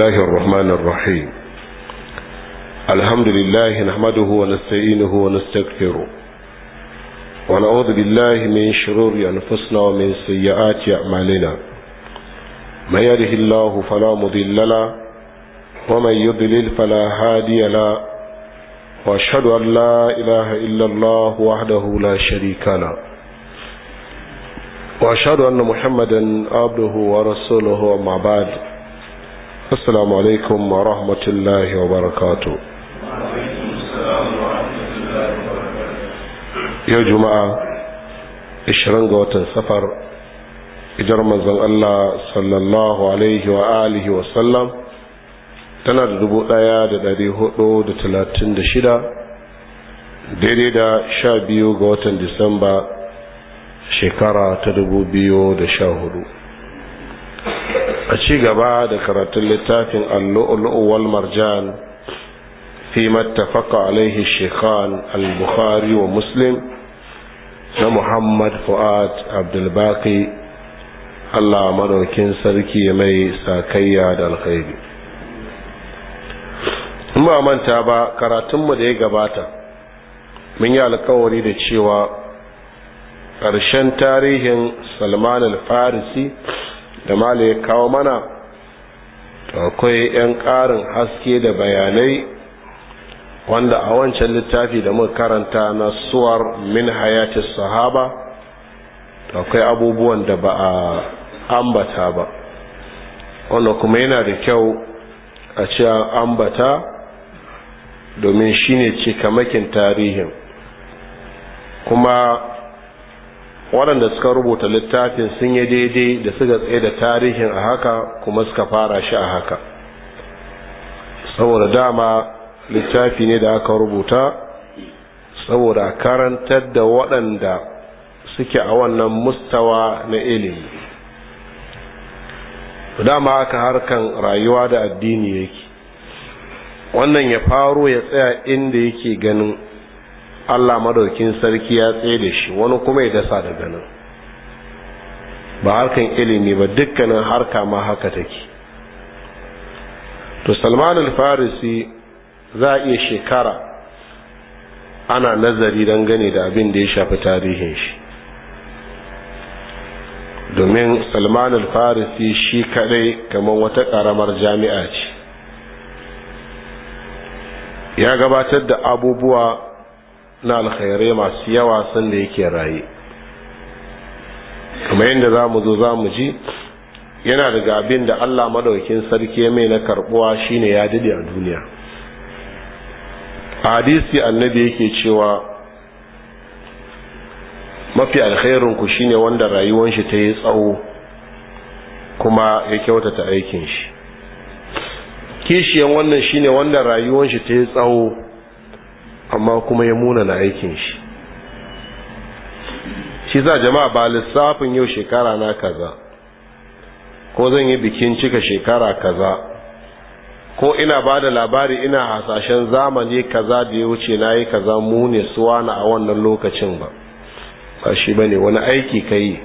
الله الرحمن الرحيم الحمد لله نحمده ونستعينه ونستغفره ونعوذ بالله من شرور أنفسنا ومن سيئات أعمالنا ما يده الله فلا مضل له ومن يضلل فلا هادي له وأشهد أن لا إله إلا الله وحده لا شريك له وأشهد أن محمدا عبده ورسوله ومعباده بعد assalamu alaikum wa rahmatullahi wa barakatuh yau juma'a 20 ga watan safar ijar manzon Allah sallallahu alaihi wa wa sallam tana da dubu daya da dari hudu da talatin da shida daidai da sha biyu ga watan disamba shekara ta dubu biyu da sha hudu a ci gaba da karatun littafin allu'ulu'u wal marjan fi mattafaka alaihi shekhan al-bukhari wa muslim na muhammad fu'ad abdulbaki allah madaukin sarki mai sakayya da alkhairi ba manta ba karatunmu da ya gabata mun yi alkawari da cewa ƙarshen tarihin salman al-farisi da mala ya kawo mana akwai 'yan ƙarin haske da bayanai wanda a wancan littafi da muka karanta na suwar min hayatis sahaba akwai abubuwan da ba a ambata ba wanda kuma yana da kyau a ce ambata domin shine cikamakin tarihin kuma waɗanda suka rubuta littafin sun yi daidai da suka tsaye da tarihin a haka kuma suka fara shi a haka saboda dama littafi ne da aka rubuta saboda karantar da waɗanda suke a wannan mustawa na ilimi dama aka harkan rayuwa da addini yake wannan ya faro ya tsaya inda yake ganin Allah madaukin sarki ya tsaye da shi wani kuma ya dasa daga nan ba harkan ilimi ba dukkanin harka ma haka take to salman al-farisi za a iya shekara ana nazari don gani da abin da ya shafi tarihin shi domin salman al-farisi shi kadai kamar wata karamar jami'a ce ya gabatar da abubuwa na alkhairai masu yawa sanda yake raye kamar yadda za mu zo za mu ji yana daga abin da allah madaukin sarki mai na karbuwa shine ya dade a duniya hadisi annabi yake cewa mafi ku shine wanda rayuwar shi ta yi tsawo kuma ya kyautata aikin shi kishiyan wannan shine wanda rayuwar shi ta yi tsawo amma kuma ya muna na aikin shi shi za jama'a ba lissafin yau shekara na kaza ko zan yi bikin cika shekara kaza ko ina ba da labari ina hasashen zamani kaza da ya wuce na yi kaza mu ne suwa na a wannan lokacin ba ba shi ba ne wani aiki ka yi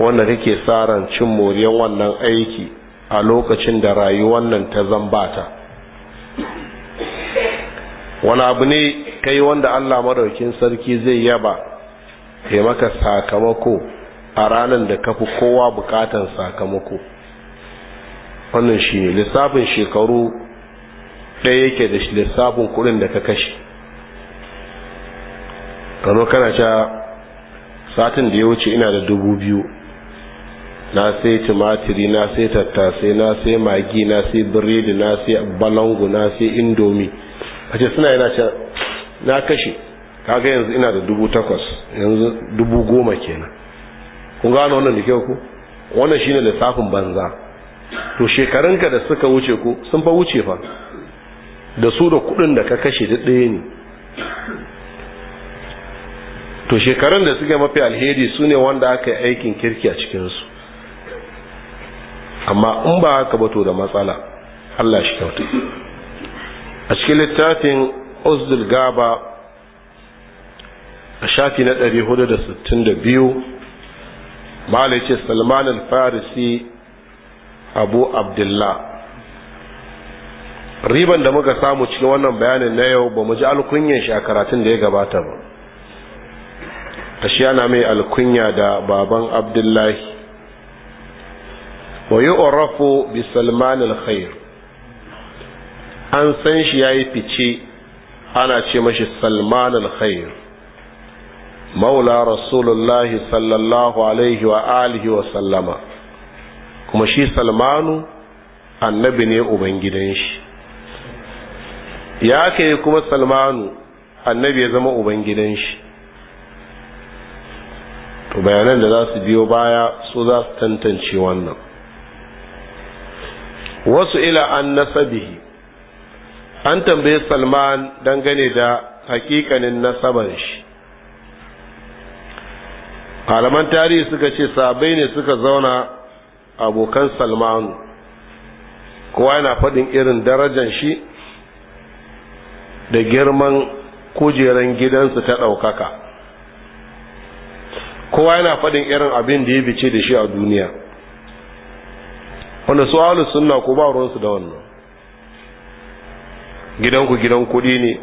wannan kake sa cin moriyan wannan aiki a lokacin da rayuwar nan ta zambata wani abu ne kai wanda allah madaukin sarki zai yaba kai sakamako a ranar da kafi kowa bukatan sakamako wannan shi ne lissafin shekaru ɗaya yake da lissafin kuɗin da ka kashe kano kana cewa satin da ya wuce ina da dubu biyu na sai tumatiri na sai tattasai na sai magi na sai biredi na sai balangu na sai indomi a ce suna yana ce na kashe kaga yanzu ina da dubu takwas yanzu dubu goma kenan kun gano wannan da kyau ku wannan shine lissafin banza to shekarunka da suka wuce ku sun fa wuce fa da su da kudin da ka kashe da ɗaya ne to shekarun da suka mafi alheri su ne wanda aka yi aikin kirki a cikinsu amma in ba haka ba to da matsala Allah shi kyauta a cikin littafin uzdul gaba a shafi na 462 mala ce salman al-farisi abu abdullah riban da muka samu cikin wannan bayanin na yau ba mu ji alkunyan shi a karatun da ya gabata ba A shi yana mai alkunya da baban abdullahi wa orafu bi salman al-khair an san shi ya yi fice ana ce mashi salman al maula rasulullahi sallallahu alaihi wa alihi wa sallama kuma shi salmanu annabi ne ubangidan shi ya kai kuma salmanu annabi ya zama ubangidan shi to bayanan da za su biyo baya su za su tantance wannan wasu ila an nasabihi an tambaye salman dangane da hakikanin nasabar shi malaman tarihi suka ce sabai ne suka zauna abokan salmanu kowa yana faɗin irin darajan shi da girman kujeran gidansu ta ɗaukaka kowa yana faɗin irin abin da ya bice da shi a duniya wanda su sunna ko ba ruwansu da wannan gidanku gidan kuɗi ne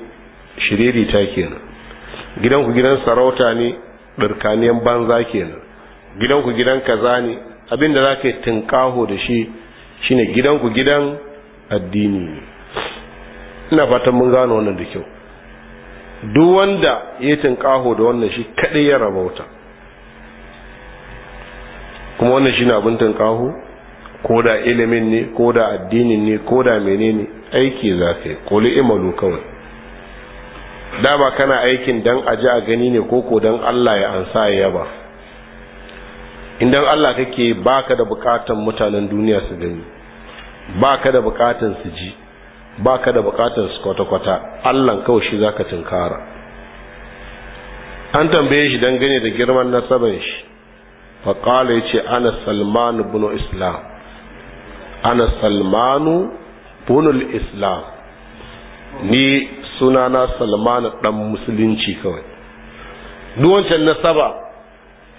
shiriri ta kenan gidanku gidan sarauta ne ɗarkaniyan banza kenan gidanku gidan kaza ne abin da za ka yi tunƙaho da shi shine gidanku gidan addini ne ina fatan mun gano wannan da kyau duk wanda ya tunƙaho da wannan shi kaɗai ya rabauta kuma wannan shi ne abin tunƙaho ko da ilimin ne ko da addinin ne ko da menene aiki za ka yi koli imalu kawai da ba kana aikin dan a ji a gani ne ko ko dan Allah ya ansa ya ba idan Allah kake baka da bukatan mutanen duniya su gani baka da bukatan su ji baka da bukatan su kwata-kwata Allah kawai shi zaka tunkara an tambaye shi dan gane da girman nasaban shi ya yace ana salman ibn islam ana salmanu bunul islam ni sunana salmanu dan musulunci kawai duwancan nasaba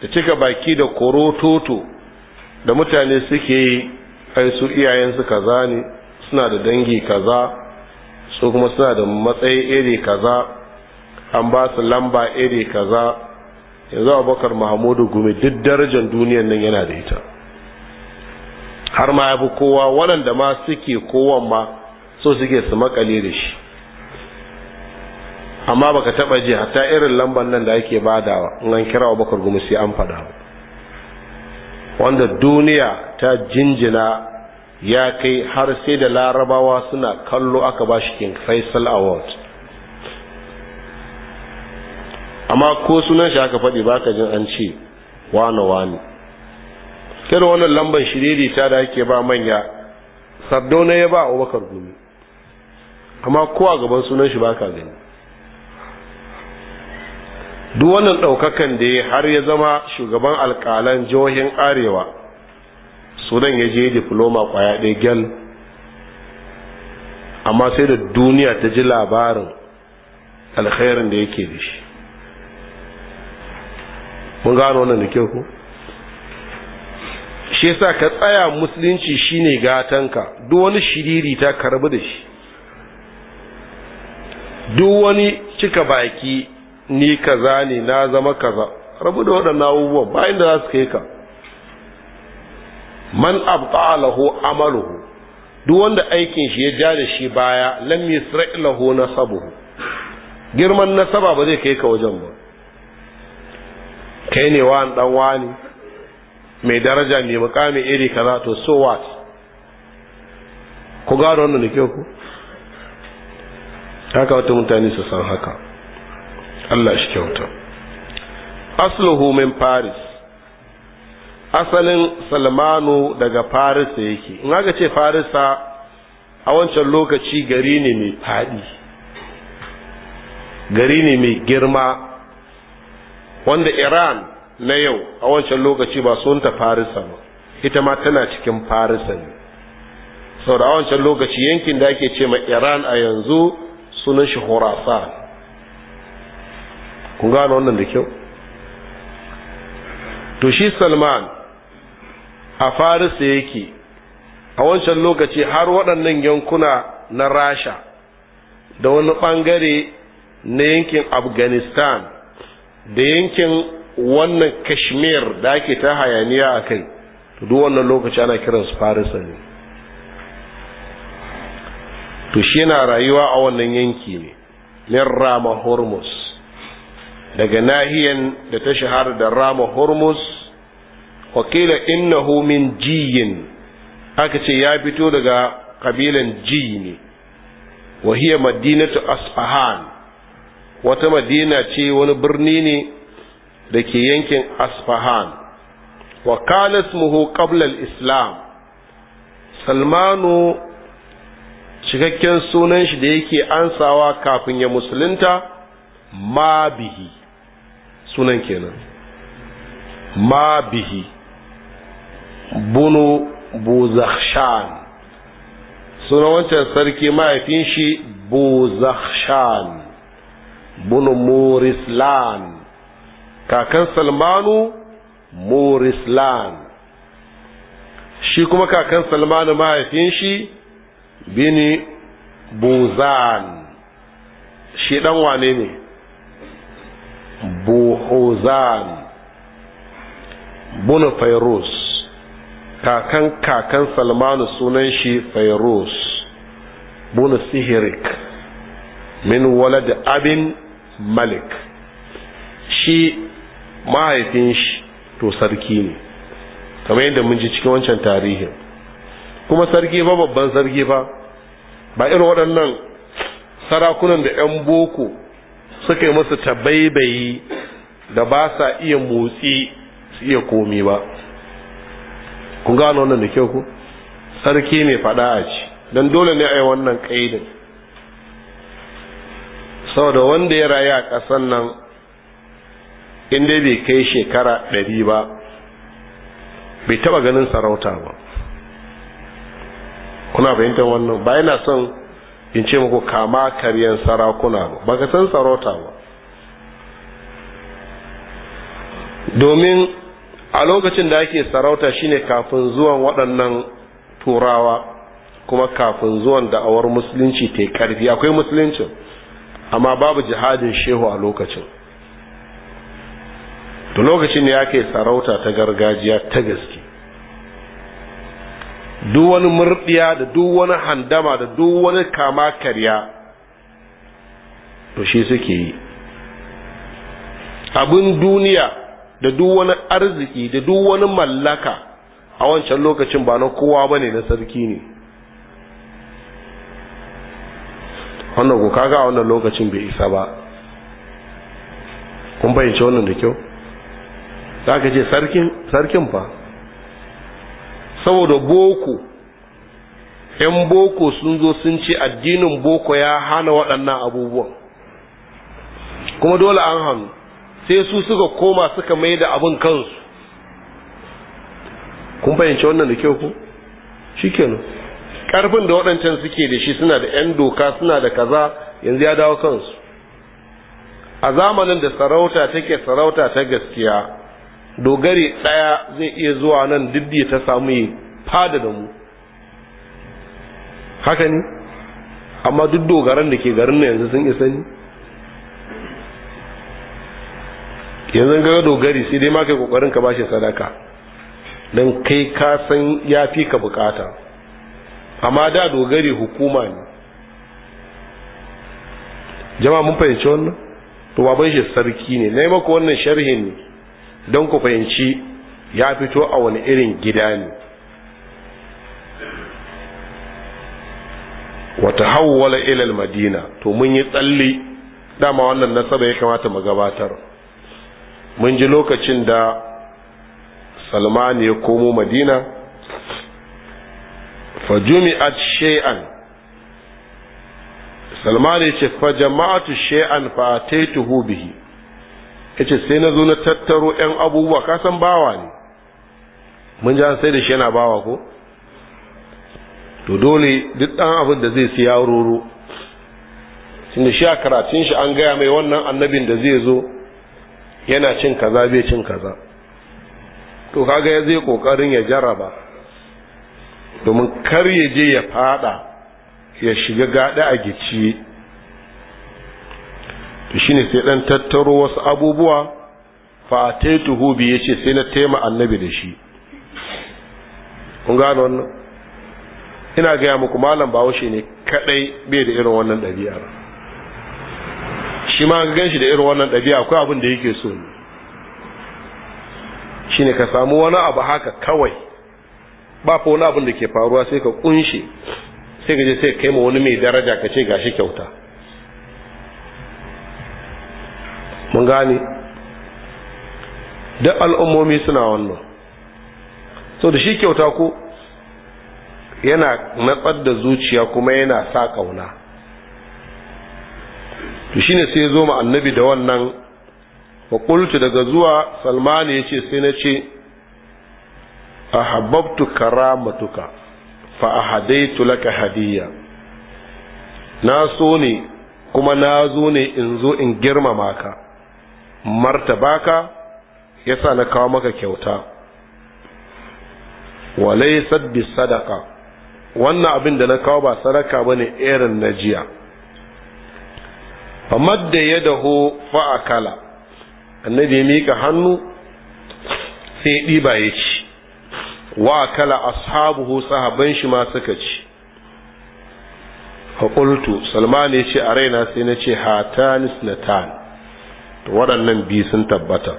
da cika baki da korototo da mutane suke yi ai su iyayensu kaza ne suna da dangi kaza su kuma suna da matsayi iri kaza an ba su lamba iri kaza yanzu abubakar mahamudu gumi duk darajar duniyan nan yana da ita har ma yafi kowa waɗanda ma suke kowan ma so suke su makale da shi amma baka taba ji hatta irin lambar nan da ake badawa in an kira bakar Gumi sai an fada wanda duniya ta jinjina ya kai har sai da larabawa suna kallo aka ba shi king faisal award amma ko sunan shi aka faɗi baka jin an ce wane wane kira wannan lamban shiriri ta da ake ba manya ne ya ba abubakar gumi amma ko a gaban sunan shi baka gani duk wannan ɗaukakan da ya har ya zama shugaban alƙalan jihohin arewa sudan ya je diploma kwaya ɗaya gyal amma sai da duniya ta ji labarin alkhairin da yake da shi mun gano wannan da kyau ko shi yasa ka tsaya musulunci shine gatanka duk wani shiriri ta karbi da shi duk wani cika baki ni kaza ne na zama kaza rabu da waɗannan abubuwan bayan da za su kai ka man abta lahu amaluhu duk wanda aikin shi ya ja da shi baya lam yusra' lahu nasabuhu girman nasaba ba zai kai ka wajen ba kai ne wa dan wani mai daraja mai mukami iri kaza to so what ku gano wannan da kyau ku haka wata mutane su san haka Allah shi kyauta asluhu min paris asalin salmanu daga farisa yake in aka ce farisa a wancan lokaci gari ne mai faɗi gari ne mai girma wanda iran na yau a wancan lokaci ba sunanta farisa ba ita ma tana cikin farisa ne da a wancan lokaci yankin da ake ce mai iran a yanzu sunan shi kun gano wannan da kyau to shi salman a farisa yake a wancan lokaci har waɗannan yankuna na rasha da wani ɓangare na yankin afghanistan da yankin wannan kashmir da ake ta hayaniya a kai To duk wannan lokaci ana kiransu farisa ne to shi yana rayuwa a wannan yanki ne min rama hormuz daga nahiyan da ta shahar da rama hormuz wakila innahu min jiyin aka ce ya fito daga kabilan ji ne wahiyar madinatu asfahan wata madina ce wani birni ne da ke yankin asfahan wa kana ƙablal islam salmanu cikakken sunan shi da yake ansawa kafin ya musulunta ma bihi sunan kenan ma bihi bunu buzakshan sunan wancan sarki mahaifin shi buzakshan bunu murislan kakan salmanu morislan shi kuma kakan salmanu mahaifin shi bini buzan shi dan wane ne buhuzan bunu kakan kakan salmanu sunan shi fairuz bunu sihirik min walad abin malik shi mahaifin shi to sarki ne kamar yadda mun ji cikin wancan tarihin kuma sarki ba babban sarki ba ba irin waɗannan sarakunan da 'yan boko suka yi masa tabaibayi da ba sa iya motsi su iya komi ba kun gano wannan da kyau ku sarki mai faɗa a ci don dole ne a yi wannan ƙaidin saboda wanda ya rayu a ƙasan nan in dai bai kai shekara ɗari ba bai taba ganin sarauta ba kuna fahimtar wannan ba yana son in ce muku kama karyan sarakuna ba ba ka san sarauta ba domin a lokacin da ake sarauta shine kafin zuwan waɗannan turawa kuma kafin zuwan da'awar musulunci ta yi ƙarfi akwai musuluncin amma babu jihadin shehu a lokacin to lokacin ne ake sarauta ta gargajiya ta gaske duk wani murdiya da duk wani handama da duk wani kama karya to shi suke yi abin duniya da duk wani arziki da duk wani mallaka a wancan lokacin ba na kowa bane na sarki ne wannan ku kaga a wannan lokacin bai isa ba kun bayyance wannan da kyau za ka ce sarkin fa saboda boko yan boko sun zo sun ce addinin boko ya hana waɗannan abubuwan kuma dole an hannu sai su suka koma suka mai da abin kansu kun fahimci wannan da kyau ku shi kenan ƙarfin da waɗancan suke da shi suna da 'yan doka suna da kaza yanzu ya dawo kansu a zamanin da sarauta take sarauta ta gaskiya dogare ɗaya zai iya zuwa nan diddi ta samu yi fada da mu haka ne amma duk dogaran da ke garin na yanzu sun isa ni yanzu ga dogari sai dai ma kai kokarin ka bashi sadaka don kai ka san ya fi ka bukata amma da dogari hukuma ne jama'a mun fahimci wannan to baban shi sarki ne na yi maka wannan sharhin ne don ku fahimci ya fito a wani irin gida ne wata hawwala ilal madina to mun yi tsalle dama wannan nasaba ya kamata mu gabatar mun ji lokacin da salman ya komo madina fajumi'at shay'an salman ya ce fa jama'atu shay'an fa ataituhu bihi yace sai na zo na tattaro yan abubuwa ka san bawa ne mun ji an sai da shi yana bawa ko to dole duk dan abin da zai siya roro da shi a karatun shi an gaya mai wannan annabin da zai zo yana cin kaza bai cin kaza to kaga ya zai kokarin ya jarraba domin kar ya je ya fada ya shiga gada a gicciye to shine sai dan tattaro wasu abubuwa fa ataituhu bi yace sai na taima annabi da shi kun gano wannan ina gaya muku malam bahaushe ne kadai bai da irin wannan ɗabi'ar shi ma gan shi da irin wannan dabi'a akwai abin da yake so ne shine ka samu wani abu haka kawai ba fa wani abin da ke faruwa sai ka kunshe sai ka je sai kai ma wani mai daraja ka ce gashi kyauta mun gane duk al'ummomi suna wannan so da shi kyauta ko yana natsar da zuciya kuma yana sa kauna to shine sai ya zo ma annabi da wannan faƙultu daga zuwa salmani ya ce sai na ce a habbabtu karamatuka fa a hadaitu laka hadiyya na so ne kuma na zo ne in zo in girmama ka martabaka yasa na kawo maka kyauta walaysat bi sadaka wannan abin da na kawo ba sadaka bane irin na jiya famadda yadahu fa akala annabi ya mika hannu sai ya ɗiba ya ci wa akala ashabuhu sahaban shi ma suka ci Haƙultu salman ya ce a raina sai na ce hatanis natan waɗannan biyu sun tabbata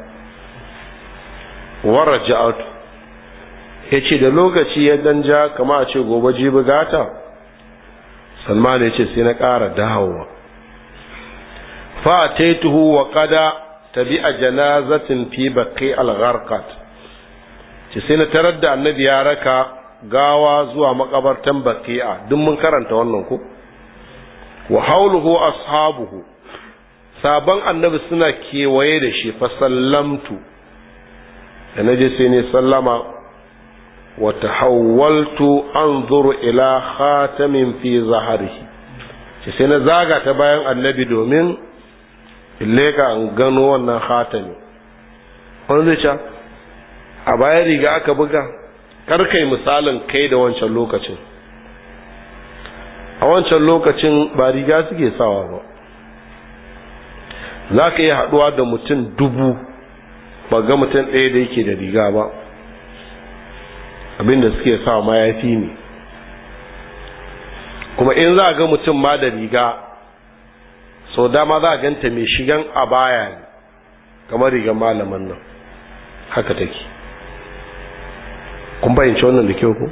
waraja'at ya ce da lokaci ya dan ja kama a ce gobe ji bugata salman ya ce sai na ƙara dawowa tuhu wa bi tabi'a janazatin fi bakai al ce sai na tarar da annabi ya raka gawa zuwa makabartan baqi'a duk mun karanta wannan ku? wa hauluhu ashabuhu sabon annabi suna kewaye da shi fa sallamtu da naje sai ne sallama wa tahawwaltu anzuru ila khatamin fi zaharihi ce sai na zaga ta bayan annabi domin leka an gano wannan khatami wani zai a bayan riga aka buga karkai misalin kai da wancan lokacin a wancan lokacin ba riga suke sawa ba za ka iya haɗuwa da mutum dubu ba ga mutum ɗaya da yake da riga ba abinda suke sa ma ya fi ne kuma in za a ga mutum ma da riga sau dama za a ganta mai shigan a baya ne kamar rigar malaman nan haka take kun bayyance wannan da kyau ku?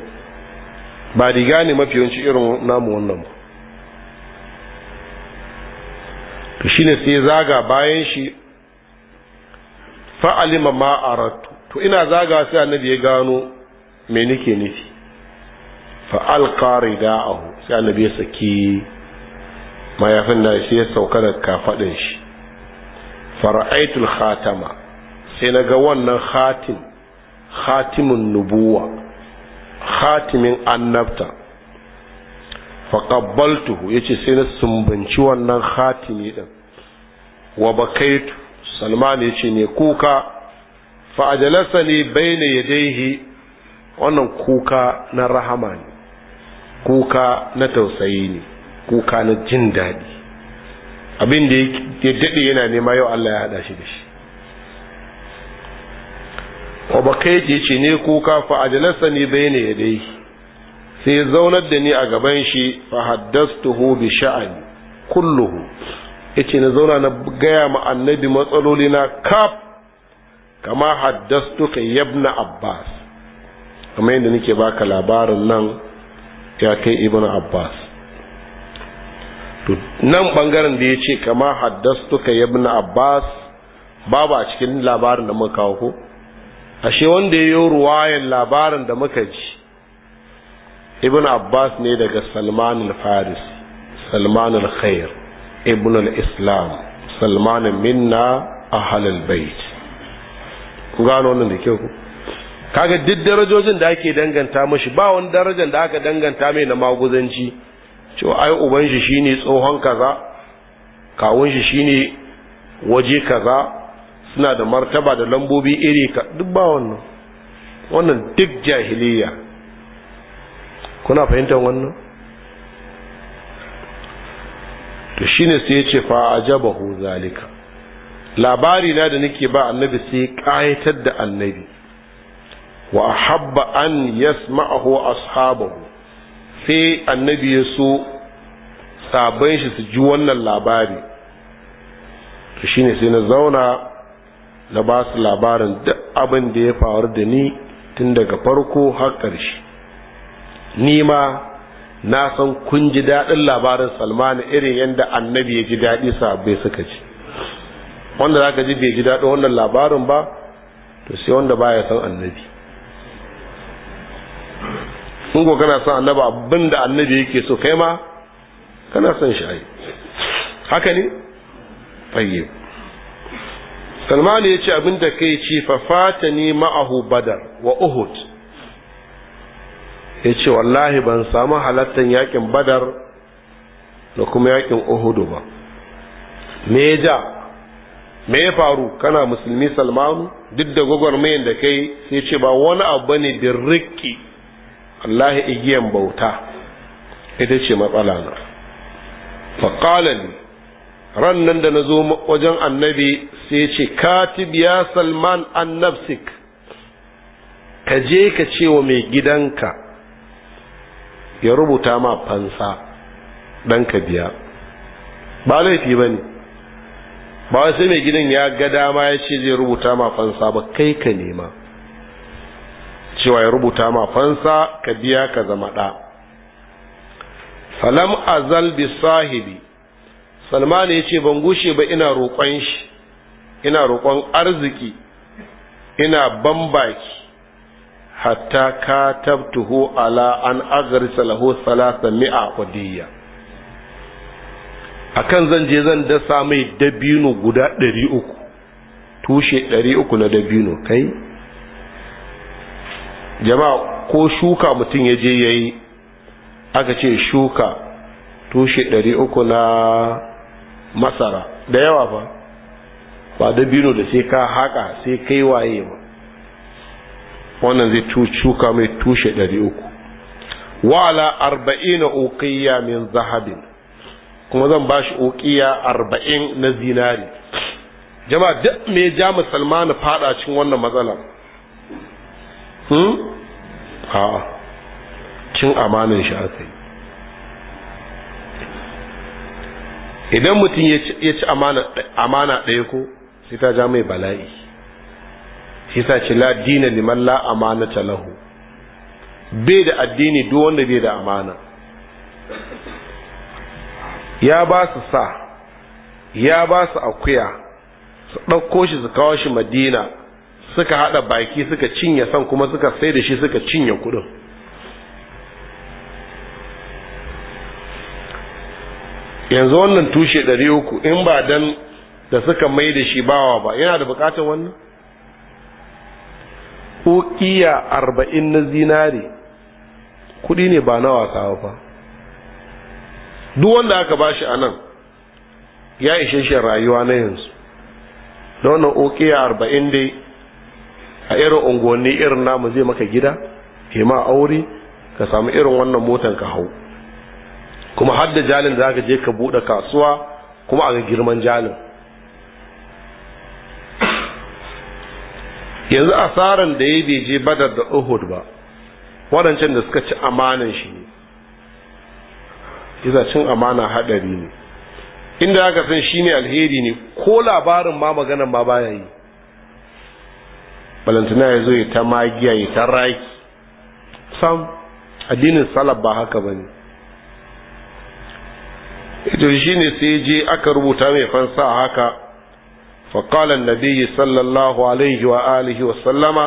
ba riga ne mafi yawanci irin namu wannan ba to shine sai zaga bayan shi fa'alima ma to ina zaga sai annabi ya gano mai nake nufi da ahu sai annabi ya saki mayafin da shi ya sauka da kafaɗin shi fara'aitul khatama sai na ga wannan khatim khatimun nubuwa khatimin annabta ya ce sai na sumbanci wannan khatimi ɗin wa bakaitu salman ce ne kuka ne ajlasani baina yadayhi wannan kuka na rahama ne kuka na tausayi ne kuka na jin daɗi abin da ya daɗe yana nema yau Allah ya haɗa shi da shi wa bakaitu ce ne kuka ne ajlasani baina yadayhi sai ya zaunar da ni a gaban shi fa bi sha'ani kulluhu yace na zauna na gaya ma annabi matsaloli na kaf kama haddastuka yabna abbas kamar yadda nake baka labarin nan ya kai ibn abbas to nan bangaren da yace kama haddastuka yabna abbas babu a cikin labarin da muka kawo ko ashe wanda ya yi ruwayan labarin da muka ji ibn abbas ne daga salman al-faris salman al-khair ibn al-islam salman minna ahal al-bait ku gano wannan da kyau ku kaga duk darajojin da ake danganta mashi ba wani darajar da aka danganta mai na maguzanci cewa ai uban shi shine tsohon kaza kawun shi shine waje kaza suna da martaba da lambobi iri ka duk ba wannan wannan duk jahiliya kuna fahimtar wannan to shine sai ya ce fa ajabahu zalika labari na da nake ba annabi sai ƙayatar da annabi wa ahabba an yasma'ahu ashabahu sai annabi ya so sabon shi su ji wannan labari to shine sai na zauna na ba su labarin duk abin da ya faru da ni tun daga farko har ƙarshe ni ma na san kun ji daɗin labarin salmanu irin yadda annabi ya ji daɗi bai suka ji wanda ka ji bai ji daɗin wannan labarin ba to sai wanda baya san annabi in ko kana son annabi abin da annabi yake so kai ma kana son shi haka ne tayyib Salmani ya ce abin da kai ce fa fatani ma'ahu badar wa uhud ya ce wallahi ban samu halattar yakin badar da kuma yakin uhudu ba me ja me ya faru kana musulmi salmanu duk da gwagwarmayin da kai sai ce ba wani abu ne birriki wallahi igiyan bauta ita ce matsala na faƙalani ran nan da na zo wajen annabi sai ce katib ya salman annabsik ka je ka ce wa mai gidanka ya rubuta ma fansa dan ka biya ba laifi ba ne ba sai mai gidan ya ga dama ya ce zai rubuta ma fansa ba kai ka nema cewa ya rubuta ma fansa ka biya ka zama ɗa falam azal bi sahibi ya ce ban gushe ba ina roƙon shi ina roƙon arziki ina bambaki hatta katabtuhu ala an aghrisa lahu salasa mi'a A akan zan je zan dasa mai dabino guda uku, tushe uku na dabino kai jama'a ko shuka mutum ya je yayi aka ce shuka tushe uku na masara da yawa fa ba dabino da sai ka haka sai kai waye ba wannan zai cuka mai tushe ɗari uku wala arba'ina uqiyya min zahabin kuma zan ba shi uqiyya arba'in na zinari jama'a duk me ja musulmanu fada cikin wannan matsala hmm ha cin amanin shi aka idan mutum ya ci amana ɗaya ko sai ta ja mai bala'i shi sa ce la dina liman la ta lahu bai da addini duk wanda bai da amana ya ba su sa ya ba su akuya su ɗauko shi su kawo shi madina suka haɗa baki suka cinye san kuma suka sai da shi suka cinye kuɗin yanzu wannan tushe ɗari uku in ba dan da suka mai da shi bawa ba yana da buƙatar wannan ko iya arba'in na zinare kuɗi ne ba na wasa ba duk wanda aka bashi a nan ya ishe shi rayuwa na yanzu da wannan okiya arba'in dai a irin unguwanni irin namu zai maka gida ke ma aure ka samu irin wannan motan ka hau kuma har da jalin da aka je ka buɗe kasuwa kuma a ga girman jalin yanzu asaran da ya bai je badar da uhud ba waɗancan da suka ci amanan shi ne iza cin amana haɗari ne inda aka san shi ne alheri ne ko labarin ma maganan ma baya yi balantana ya zo ta magiya ya ta raki sam addinin salab ba haka ba ne ita shi ne sai je aka rubuta mai fansa haka فقال النبي صلى الله عليه وآله وسلم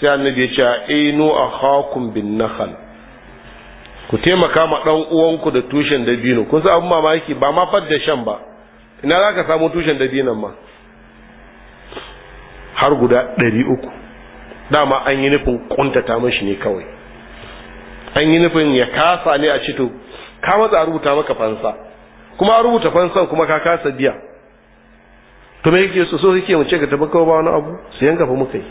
sai annabi ya ce ainu akhakum bin nakhal ku taimaka ma ɗan uwanku da tushen dabino kun san abin mamaki ba ma fadda shan ba ina za ka samu tushen dabinon ma har guda ɗari uku dama an yi nufin ƙuntata mashi ne kawai an yi nufin ya kasa ne a cito ka matsa rubuta maka fansa kuma rubuta fansan kuma ka kasa biya to me yake so so yake mu ce ka tafi kawo ba wani abu su yanka fa muka yi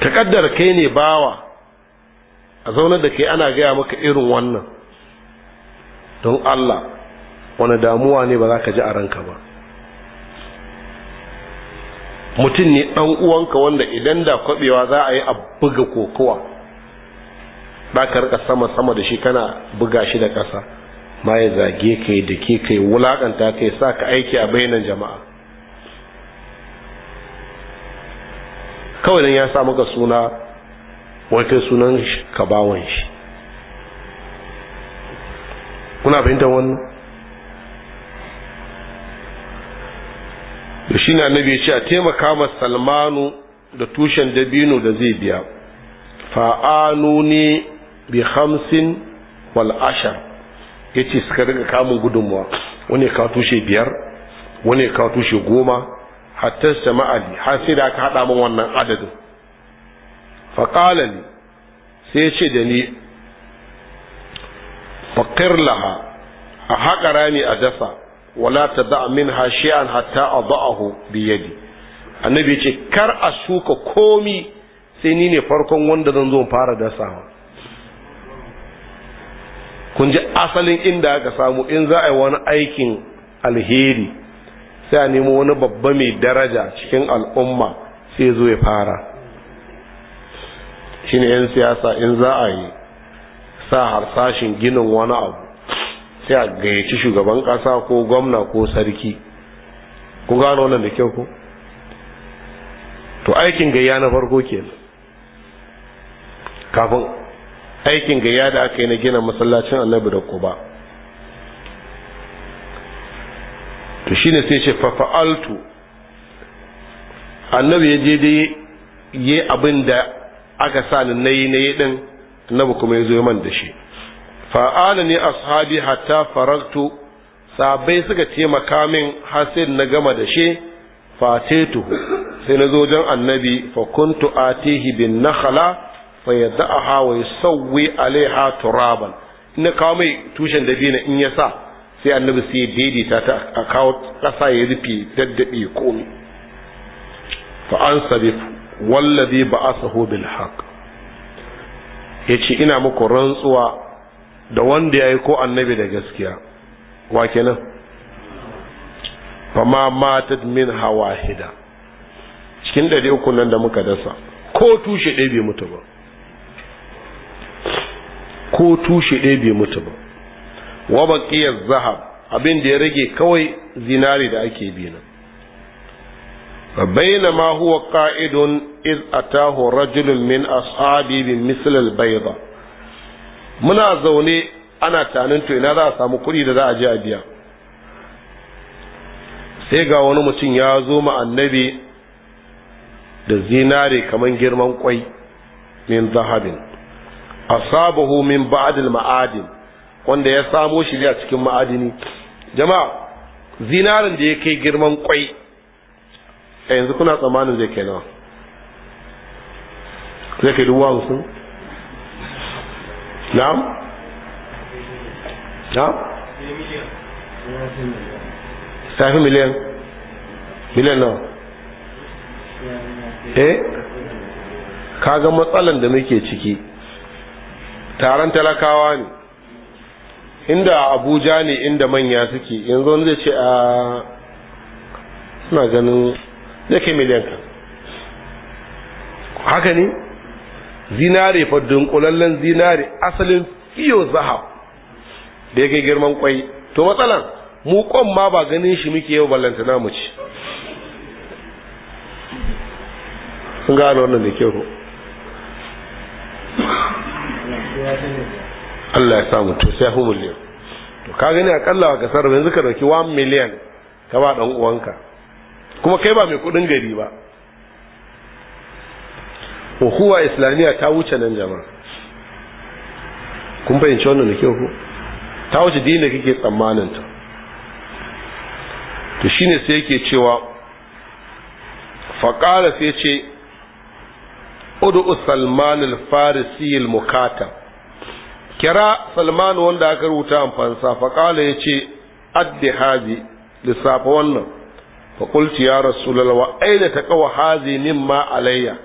ka kaddara kai ne bawa a zaunar da kai ana gaya maka irin wannan don Allah wani damuwa ne ba za ka ji a ranka ba mutum ne ɗan uwanka wanda idan da kwaɓewa za a yi a buga kokowa za ka rika sama sama da shi kana buga shi da ƙasa ma ya zage kai da ke kai wulakanta kai sa ka aiki a bainan jama'a kawai don ya sa maka suna wata sunan ka shi kuna fahimtar wannan da shi na annabi ya ce a taimaka ma salmanu da tushen dabino da zai biya fa'anuni bi hamsin wal ya ce suka riga kamun gudunmuwa wani kawo tushe biyar wani kawo tushe goma hatta sama'ali har sai da aka haɗa min wannan adadin faƙalali sai ya ce da ni faƙir laha a haƙa rami a dafa wala ta a min an hatta a ba'ahu biyadi annabi ya ce kar a shuka komi sai ni ne farkon wanda zan zo fara dasawa kun ji asalin inda aka samu in za a yi wani aikin alheri sai a nemo wani babba mai daraja cikin al'umma sai zo ya fara Shin 'yan siyasa in za a yi sa harsashin ginin wani abu sai a gayyaci shugaban ƙasa ko gwamna ko sarki ku gano wannan da kyau ko to aikin gayya na farko kenan kafin aikin gayya da aka yi na gina masallacin annabi da kuba to shine sai ce fa fa'altu annabi ya je dai yi abin da aka sa ni nayi nayi din annabi kuma ya zo man da shi fa'ala ni ashabi hatta faragtu sabai suka taimaka min hasin na gama da shi fatetu sai na zo wajen annabi fa kuntu atihi bin nakhala fa yad'aha wa yusawwi alaiha turaban ina kawo mai tushen dabino in ya sa sai annabi sai ya daidaita ta a kawo kasa ya rufe daddabe komai fa an sabif wallazi ba'athahu bil haqq yace ina muku rantsuwa da wanda yayi ko annabi da gaskiya wa kenan fama matat min hawahida cikin ɗari uku nan da muka dasa ko tushe ɗaya bai mutu ba ko tushe ɗaya bai mutu ba wa baƙiyar zahab abin da ya rage kawai zinari da ake bi nan bayna ma huwa qa'idun iz atahu rajulun min ashabi bi misl al bayda muna zaune ana tanin to ina za a samu kuɗi da za a je a biya sai ga wani mutum ya zo ma annabi da zinare kaman girman kwai min zahabin asabahu min ba'd al-ma'adin wanda ya samo shi a cikin ma'adini jama'a zinarin da ya kai girman kwai a yanzu kuna tsammanin zai kai nawa zai kai duwa hamsin na'am na'am tafi miliyan miliyan nawa eh kaga matsalan da muke ciki taron talakawa ne inda abuja ne inda manya suke yanzu wani zai ce a ah, suna ganin zai kai miliyan kan haka ne zinare fa dunkulallen zinare asalin fiyo zahab da ya kai girman kwai to matsalan mu kwan ma ba ganin shi muke yau ba mu ci sun gano wannan da kyau Allah ya samu to sai hu miliyan to ka gani akalla ka sarrafa yanzu ka dauki 1 miliyan ka ba dan uwanka kuma kai ba mai kudin gari ba hukuwa islamiyya ta wuce nan jama'a kun fahimci wannan da kyau ko ta wuce da kake tsammanin ta to shine sai yake cewa faqala sai ce udu salman al-farisi al-mukatab kira Salmanu wanda aka rubuta amfansa faƙala ya ce addi hazi lissafa wannan faƙulci ya rasulallah wa aina ta kawo hazi min ma alayya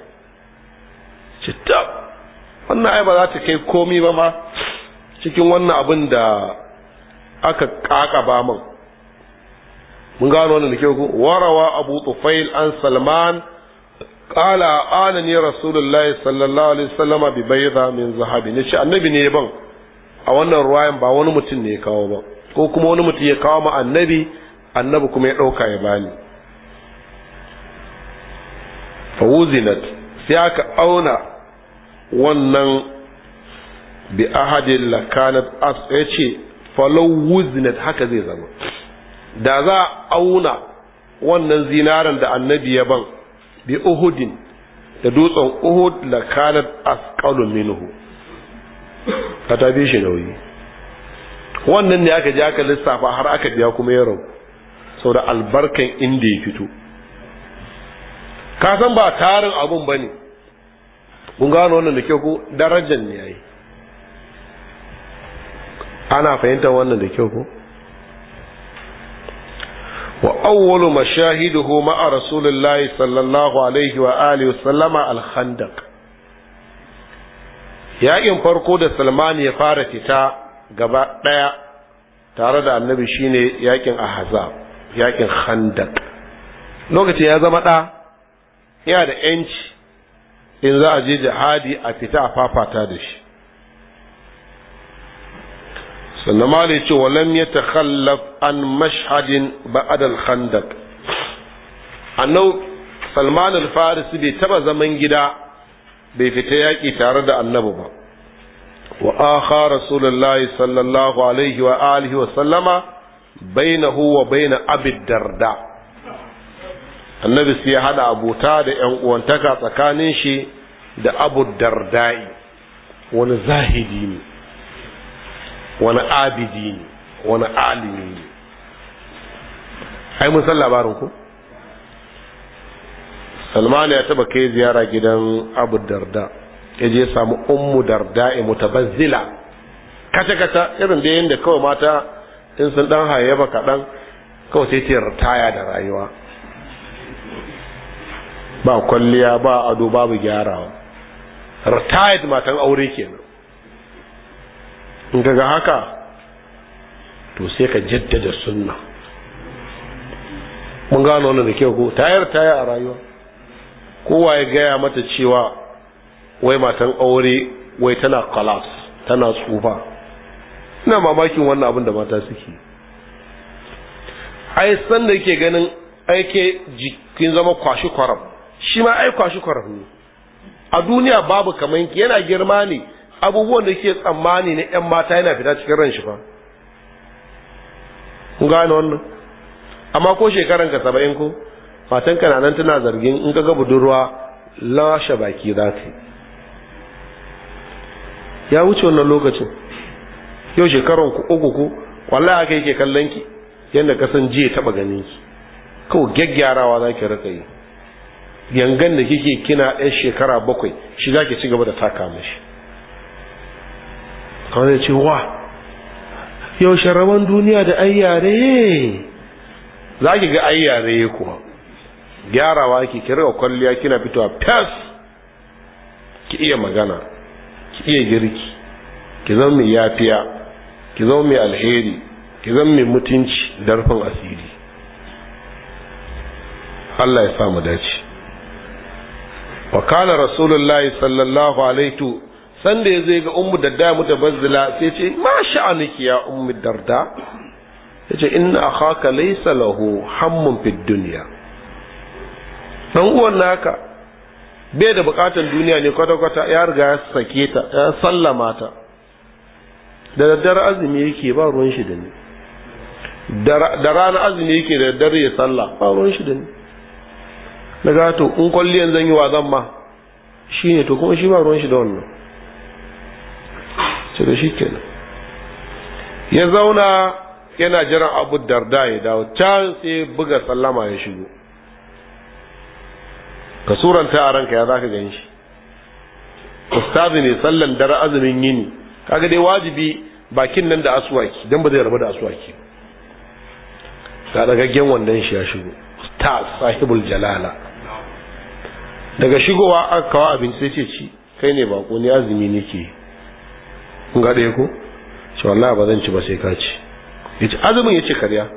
citta wannan ai ba za ta kai komi ba ma cikin wannan abin da aka ƙaƙa ba min mun gano wannan da ke ku warawa abu tufail an salman قال آنني رسول الله صلى الله عليه وسلم ببيضة من ذهب نشي النبي نيبان a wannan ruwayan ba wani mutum ne ya kawo ba ko kuma wani mutum ya kawo ma annabi annabi kuma ya ɗauka ya bani fawuzinat sai aka auna wannan bi ahadin lakanat as ya ce wuzinat haka zai zama da za a auna wannan zinaran da annabi ya ban bi uhudin da dutsen uhud lakanat asqalu minhu ka ta bi shi nauyi wannan ne aka je aka lissafa har aka biya kuma ya rabu da albarkan inda ya fito ka san ba tarin abun ba ne kun gano wannan da kyau ko darajar ne yayi ana fahimtar wannan da kyau ko wa awwalu mashahiduhu ma'a rasulullahi sallallahu alaihi wa alihi wa sallama al-khandaq yakin farko da salman ya fara fita gaba ɗaya tare da annabi shine yakin ahzab yakin khandak lokaci ya zama ɗa yana da yanci in za a je jihadi a fita a fafata da shi sannan mali ce walam ya takhallaf an mashhadin ba'da al-khandaq annabi salman al-farisi bai taba zaman gida bai fita yaƙi tare da annabi ba wa akha rasulullahi sallallahu alaihi wa alihi wa sallama bainahu wa baina abi darda annabi sai ya hada abota da yan uwantaka tsakanin shi da abu dardai wani zahidi ne wani abidi ne wani alimi ne ai mun san labarin ku salman ya taba kai ziyara gidan abu darda ya je samu ummu darda e mutabazzila kata kata irin da yanda kawai mata in sun dan haye ba kaɗan kawai sai ta ritaya da rayuwa ba kwalliya ba ado babu gyarawa retired matan aure kenan in daga haka to sai ka jaddada sunna mun gano wannan da kyau ko tayar taya a rayuwa kowa ya gaya mata cewa wai matan aure wai tana collapse tana tsufa ina mamakin wannan abin da mata suke ai san da yake ganin aike jikin zama kwashi kwaram shi ma ai kwashi kwaram ne a duniya babu kamar yana girma ne abubuwan da ke tsammani na yan mata yana fita cikin ran shi fa kun gane wannan amma ko shekaran ka saba'in ko Fatan kananan nan tana zargin in ka ga budurwa lashe baki za ta ya wuce wannan lokacin yau shekaran ku uku ku kwallo aka yake kallon ki yadda ka san jiya taba ganin ki kawai gyaggyarawa za ki rika yi yangan da kike kina ɗan shekara bakwai shi za ki ci gaba da taka mashi kawai da ce wa yau sharaban duniya da ayyare za ki ga ayyare kuwa gyarawa ki ki riga kwalliya kina fitowa fes ki iya magana ki iya girki ki zama mai yafiya ki zama mai alheri ki zama mai mutunci da rufin asiri Allah ya sa dace wa kana rasulullahi sallallahu alaihi sanda ya zai ga ummu darda bazzila sai ce ma sha'aniki ya ummu darda yace inna akhaka laysa lahu hammun fid dunya dan uwan naka bai da bukatan duniya ne kwata-kwata ya riga ya sake ta ya sallama ta da daddare azumi yake ba ruwan shi da ni da rana azumi yake da daddare ya salla ba ruwan shi da ni na gato in kwalliyan zan yi wa zan ma shi ne to kuma shi ba ruwan shi da wannan ce da shi kenan ya zauna yana jiran abu darda ya dawo can sai buga sallama ya shigo ka suranta a ranka ya zaka gan shi ustazi ne sallan dare azumin yini kaga dai wajibi bakin nan da asuwaki don ba zai rabu da asuwaki. ga dagaggen wannan shi ya shigo ustaz sahibul jalala daga shigowa aka kawo abinci sai ce ci kai ne bako ne azumi ne ke ga ɗaya ko ce wallahi ba zan ci ba sai ka ci azumin azumin ce karya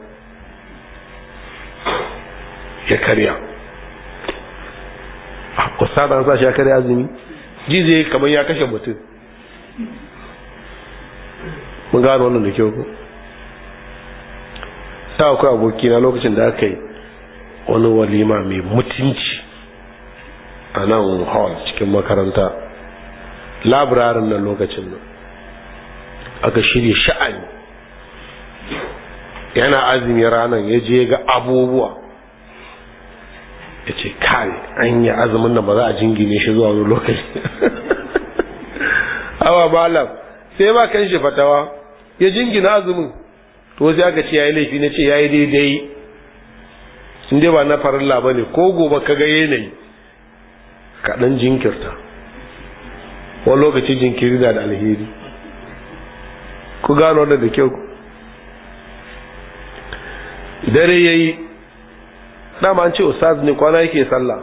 ya karya ko sadan sa shi kare azumi ji kamar ya kashe mutum mun gano wannan da kyau ko ta akwai aboki na lokacin da aka yi wani walima mai mutunci a nan hall cikin makaranta labirarin na lokacin nan aka shirya sha'ani yana azumi ranar ya je ga abubuwa ya ce kai an yi azumin nan ba za a jingine shi zuwa wani lokaci awa malam sai ba kan shi fatawa ya jingina azumin to sai aka ce yayi laifi na ce yayi daidai in dai ba na farilla ba ko gobe ka ga yanayi kaɗan jinkirta wani lokaci jinkiri da alheri ku gano da kyau dare yayi dama an ce ustaz ne kwana yake sallah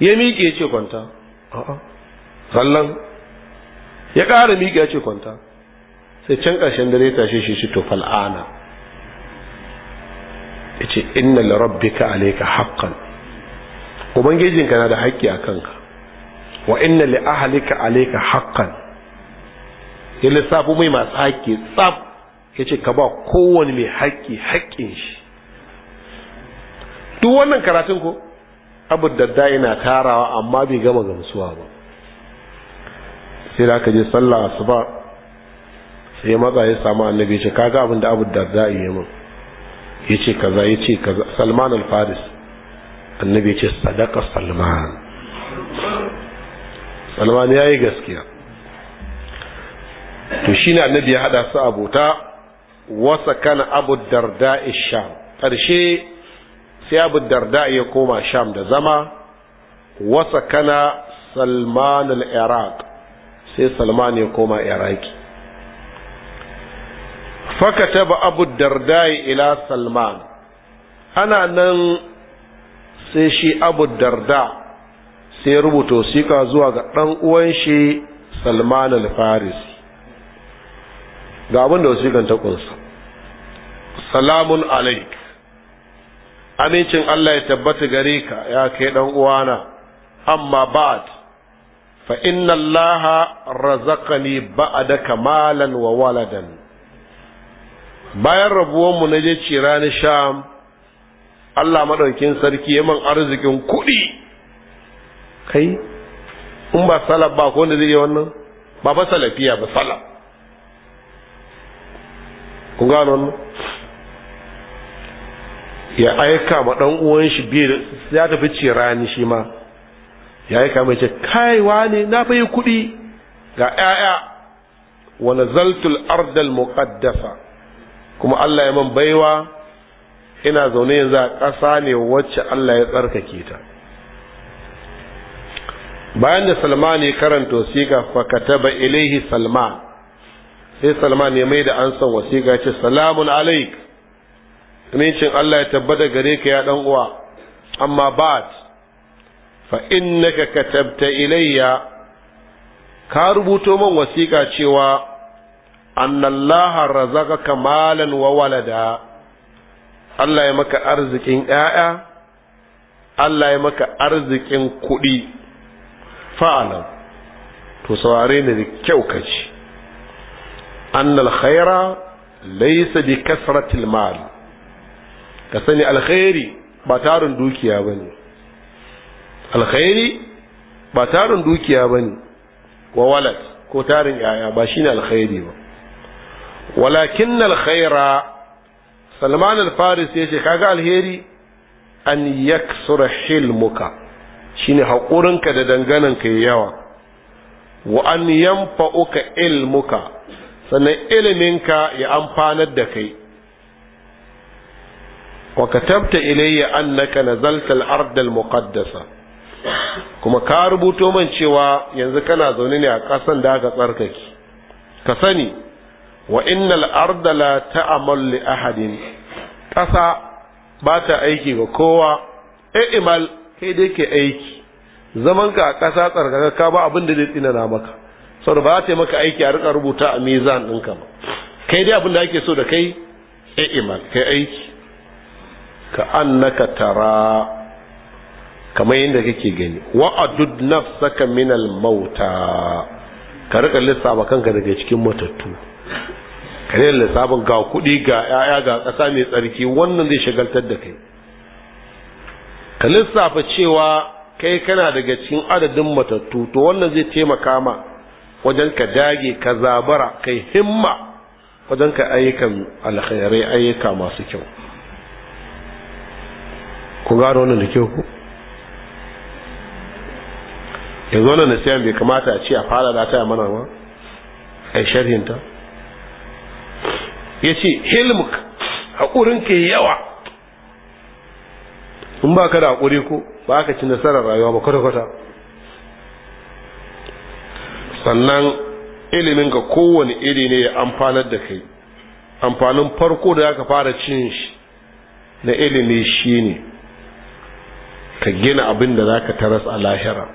ya miƙe ya ce kwanta a'a sallan ya ƙara miƙe ya ce kwanta sai can ƙarshen dare tashe shi shi to fal'ana ya ce inna li rabbika alayka haqqan ubangijinka na da haƙƙi a kanka wa inna li ahlika alayka haqqan ya lissafi mai masu haƙƙi tsaf ya ce ka ba kowane mai haƙƙi haƙƙin shi duk wannan karatun ko abu da yana tarawa amma bai gama gamsuwa ba sai da aka je sallah asuba sai ya matsa ya samu annabi ya ce kaga abin da abu da da yi min ya ce kaza ya ce kaza salman al-faris annabi ya ce sadaka salman salman ya yi gaskiya to shine annabi ya hada su abota wasa kana abu darda isham ƙarshe sai abu darda ya koma sham da zama wasa kana salman al-iraq sai salman ya koma iraki fakata ba abu darda ila salman ana nan sai shi abu darda sai rubuta sika zuwa ga ɗan uwan shi salman al-faris ga abin da ta kunsa salamun alaik amincin Allah ya tabbata gare ka ya kai dan uwana amma ba'd fa inna Allah razaqani ba'daka kamalan wa waladan bayan rabuwan mu na je cira ranar sham Allah madaukin sarki ya man arzikin kuɗi kai in ba salaf ba ko wanda zai yi wannan ba ba salafiya ba salaf kun gano wannan ya aika ma dan uwan shi biyu ya tafi cirani shi ma ya aika mai ce kai wani na bai kuɗi ga 'ya'ya wa nazaltul ardal muqaddasa kuma Allah ya man baiwa ina zaune yanzu a ƙasa ne wacce Allah ya tsarkake ta bayan da salman ya karanta wasiƙa fa kataba ilaihi salma sai salman ya mai da ansa wasiƙa ce salamun alaik amincin Allah ya tabbata gare ka ya dan uwa amma ba'd fa innaka katabta ilayya ka rubuto man wasiƙa cewa annallaha razaka kamalan wa walada Allah ya maka arzikin 'ya'ya. Allah ya maka arzikin kuɗi fa'alan to saurare ne da kyau kaci annal khaira laysa bi kasratil mal ka sani alkhairi ba tarin dukiya ba ne alkhairi ba tarin dukiya ba ne wa walad ko tarin yaya ba shine alkhairi ba walakin alkhaira salman alfaris faris ya ce kaga alheri an yaksura hilmuka shine haƙurinka da dangananka ya yawa wa an yamfa uka ilmuka sannan iliminka ya amfanar da kai wa katabta ilayya annaka nazalta al-ard al-muqaddasa kuma ka rubuto man cewa yanzu kana zaune ne a ƙasan da aka tsarkake ka sani wa innal arda la ta'mal li ahadin ƙasa ba ta aiki ga kowa e imal kai dai ke aiki zaman ka a ƙasa tsarkaka ka ba abin da zai tsinana maka saboda ba ta maka aiki a rika rubuta a mizan ɗinka ba kai dai abin da ake so da kai e imal kai aiki ka annaka tara kamar yadda kake gani wa'adud nafsaka min minal mauta ka rika lissafa kanka daga cikin matattu ka ne lissafin ga kudi ga 'ya'ya ga kasa mai tsarki wannan zai shagaltar da kai ka lissafa cewa kai kana daga cikin adadin matattu to wannan zai taimaka ma wajen ka dage ka zabara kai himma wajen ka ayyukan alkhairai ayyuka masu kyau ku gano wannan da kyau ku yanzu wannan siyan bai kamata a ce a fara da ta mana ba a sharhin ta ya ce hilmuk haƙurin ke yawa in ba ka da haƙuri ko ba ka ci nasarar rayuwa ba kwata-kwata sannan ilimin ga kowane iri ne ya amfanar da kai amfanin farko da aka fara cin shi na ilimi shi ne ka gina abin da za ka taras a lahira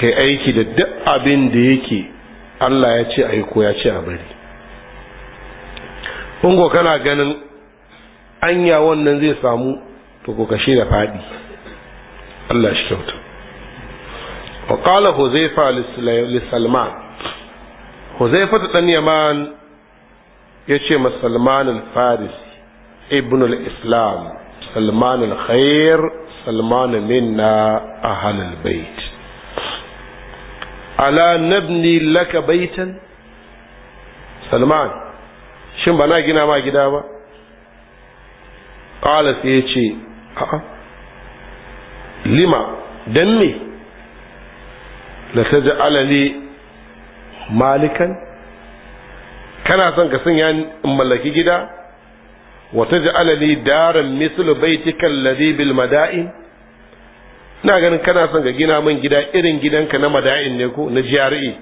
kai aiki da duk abin da yake allah ya ce a yi ko ya ce a bari ungo kana ganin anya wannan zai samu to ko kashe da faɗi allah shi kyauta wa ƙala huzaifa li salman huzaifa ta dan yaman ya ce salman al faris ibn al islam سلمان الخير سلمان منا أهل البيت ألا نبني لك بيتا سلمان شن بنا جنا ما جدا با قال سيتي أه. لما دني لتجعل لي مالكا كان أصنع ka sanya in mallaki wa taj'ala li daran mithlu baitika alladhi bil mada'in ina ganin kana son ka gina min gida irin gidanka na mada'in ne ko na jari'i e.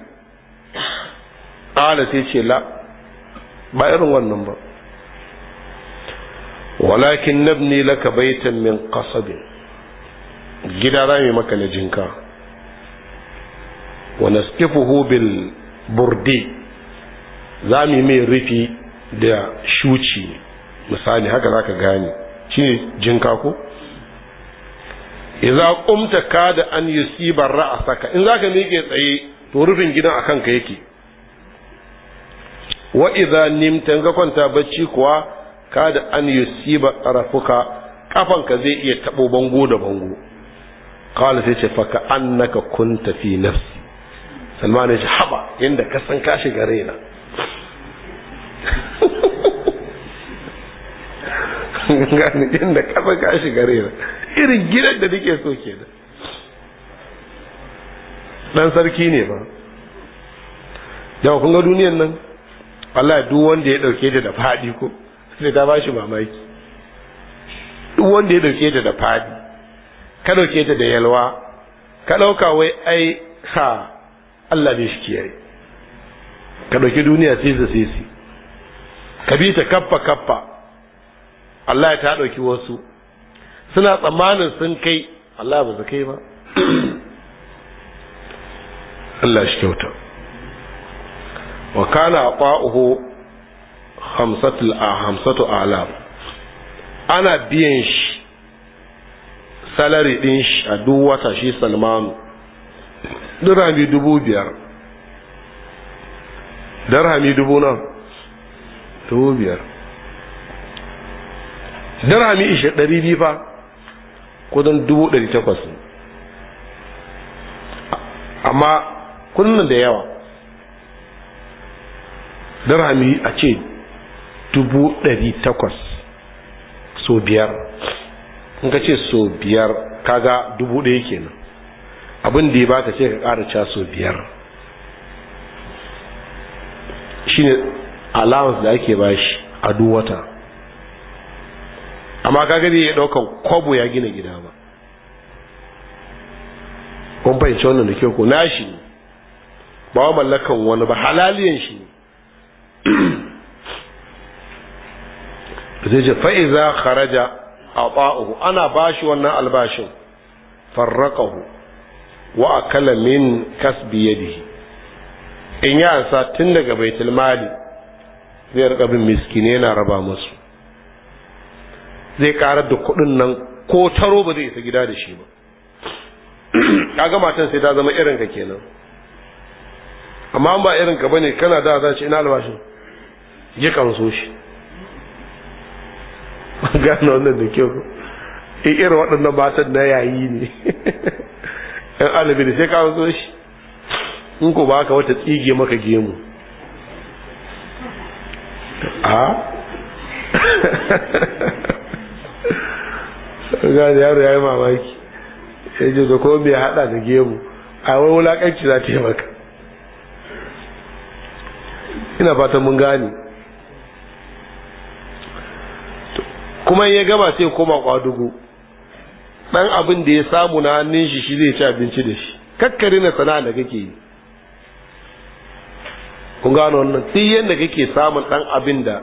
qala sai ce la ba irin wannan ba walakin nabni laka baitan min qasabin gida za mu maka na jinka wa nasqifuhu bil burdi za mu mai rufi da shuci misali haka zaka gane shi jinka ko idza qumta kada an yusiba ra'saka in zaka miƙe tsaye to rufin gidan akan ka yake wa idza nimta ga kwanta bacci kuwa kada an yusiba tarafuka ka zai iya tabo bango da bango qala sai ce faka annaka kunta fi nafsi salman ya haba inda ka san ka shiga raina gane inda kafa ka shiga rera irin gidan da nake so ke da. dan sarki ne ba yawa kun ga duniyan nan Allah duk wanda ya dauke ta da fadi ko sai ta bashi mamaki duk wanda ya dauke ta da fadi ka dauke ta da yalwa ka dauka wai ai ha Allah ne shi kiyaye ka dauki duniya sai da sai ka bi ta kaffa kaffa Allah ta ɗauki wasu suna tsammanin sun kai Allah ba su kai ba Allah shi kyauta wa kana ƙwa'uhu hamsatu ala ana biyan shi salari ɗin shi a duk wata shi salmanu dirhami dubu biyar dirhami dubu nan dubu biyar dirhami ishe ɗari biyu fa kudin dubu ɗari takwas amma kunnan da yawa dirhami a ce dubu ɗari takwas so biyar in ka ce so biyar kaga dubu ɗaya kenan abin da ya baka ce ka ƙara ca so biyar shine allowance da ake bashi a duk wata amma kaga gani ya ɗaukan kwabo ya gina gida ba kun fahimci wannan da ke ko nashi ne ba wa mallakan wani ba halaliyan shi ne zai ce fa'iza kharaja a ba'uhu ana bashi wannan albashin farraƙahu wa a kalamin kasbi yadihi in yi ansa tun daga baitul mali zai rika miskine yana raba masu? zai karar da kuɗin nan ko taro ba zai isa gida da shi ba kaga matan sai ta zama irin ka kenan amma ba irin ka bane kana da za ce ina albashin ya kanso shi gano wannan da kyau eh, irin waɗannan matan na yayi ne yan alibi da sai kanso shi in ko ba ka wata tsige maka gemu a ah? ga yaro ya yi mamaki sai ji da kuma bai hada da gemu a wai wulakanci za ta yi maka ina fatan mun gane kuma ya gaba sai koma kwadugu dan abin da ya samu na hannun shi shi zai ci abinci da shi kakkari na sana'a da kake yi kun gano wannan sai yadda kake samun dan abin da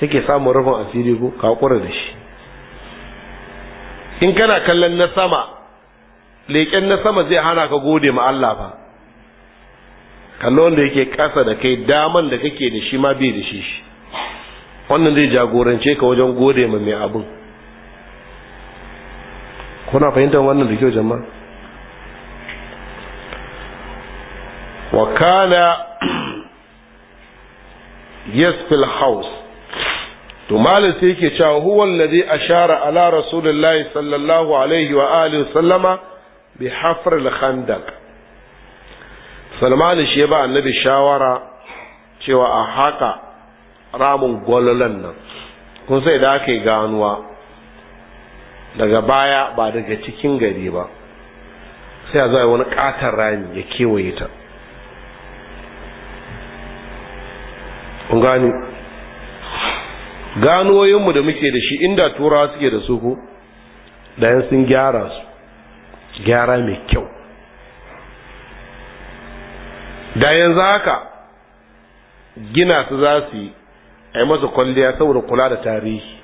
kake samun rufin asiri ko ka da shi in kana kallon na sama leƙen na sama zai hana ka gode ma Allah fa kallon wanda yake kasa da kai daman da kake da shi ma bai da shi shi wannan zai jagorance ka wajen gode ma mai abin kuna fahimtar wannan da kyau jama'a wa kana yasfil house to malam sai yake cewa huwa a ashara ala rasulullahi sallallahu alaihi wa alihi sallama bi hafr al khandaq salman shi ya ba annabi shawara cewa a haka ramin gwalolan nan kun sai da aka yi ganuwa daga baya ba daga cikin gari ba sai a zai wani katar rami ya kewaye ta ganuwoyinmu da muke da shi inda tura suke da su ko da yan sun gyara su gyara mai kyau da yanzu haka gina su za su yi a yi masa kwalliya saboda kula da tarihi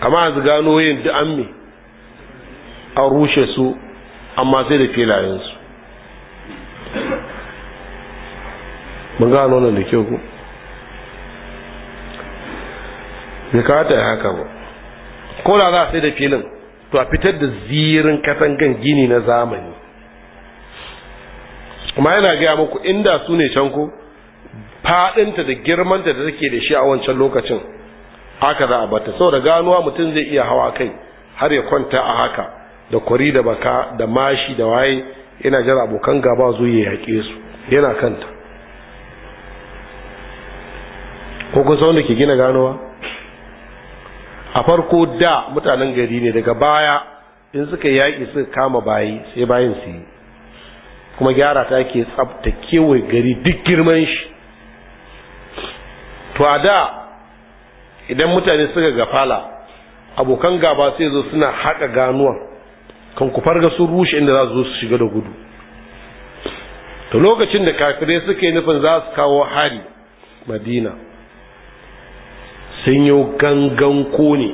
amma yanzu ganoyin duk an me an rushe su amma sai da filayensu mun gano nan da kyau ku bai kawata ya haka ba ko da za a sai da filin to a fitar da zirin katangan gini na zamani kuma yana gaya muku inda su ne can ko faɗinta da girmanta da take da shi a wancan lokacin haka za a bata saboda ganuwa mutum zai iya hawa kai har ya kwanta a haka da kwari da baka da mashi da waye yana jira abokan gaba zo ya yaƙe su yana kanta ko kun san wanda ke gina ganuwa a farko da mutanen gari ne daga baya in suka yaƙi suka kama bayi sai bayan su yi kuma gyara ta ke tsabta kewaye gari duk girman shi to a da idan mutane suka ga fala abokan gaba sai zo suna haka ganuwan kan ku farga sun rushe inda za su zo su shiga da gudu to lokacin da kafirai suka yi nufin za su kawo hari madina sun yi gangan kone